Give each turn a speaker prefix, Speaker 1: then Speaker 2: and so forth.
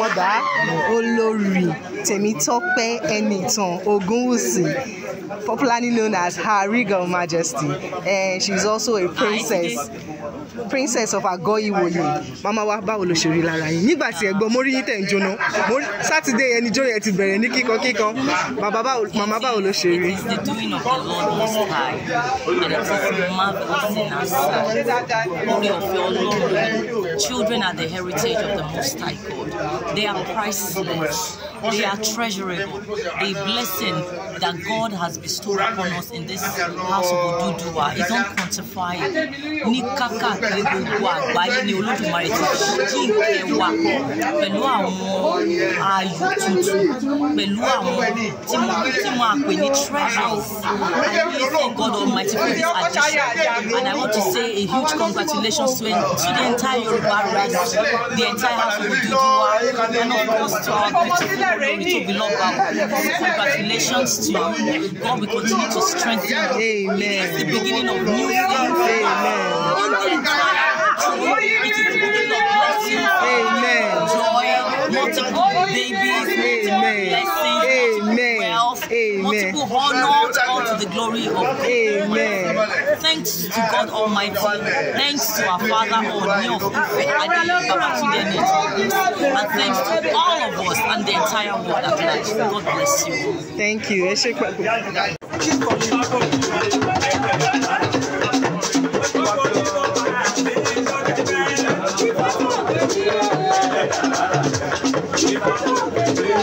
Speaker 1: mọ̀dá olórí Tèmítọ́pẹ́ Ẹnìtàn Ògúnwùsì popularly known as Her Regal Majesty and she is also a princess princess of Agoiwoye mama wa báwo ló ṣe rí lára yín nígbà tí ẹ gbọ́ mo rí yín tẹ̀ ń jóná sátidé ẹni jó ti bẹ̀rẹ̀ ní kíkan kíkan mama báwo ló ṣe rí. the doing of the Lord most high and it is marvelous in our sight orí ọ̀fẹ́ ọlọ́run children are the heritage of the Most High God. They are priceless. They are treasurable. The blessing that God has bestowed upon us in this house of Odudua is unquantifiable. Ní kákàkiri gbogbo àgbáyé ni kakakiri gbogbo agbaye ààyò tuntun pẹ̀lú àwọn tí mo tí mo àpè ní treasures I really thank God Almighty for this addition and I want to say a huge congratulations to, to the entire Yoruba race the entire house of Oduduwa and of course to our beautiful olórí tó belong back congratulations to you God will continue to strengthen you this is the beginning of new things. Amen. Amen. Amen. Amen. Amen. Amen. Amen. Amen. Amen. Amen. Amen. Amen. Amen. Multiple honor unto the glory of God. Amen. Thanks to God Almighty. Thanks to our Father Onyof and thanks to all of us and the entire world at large. God bless you. Thank you. Thank you.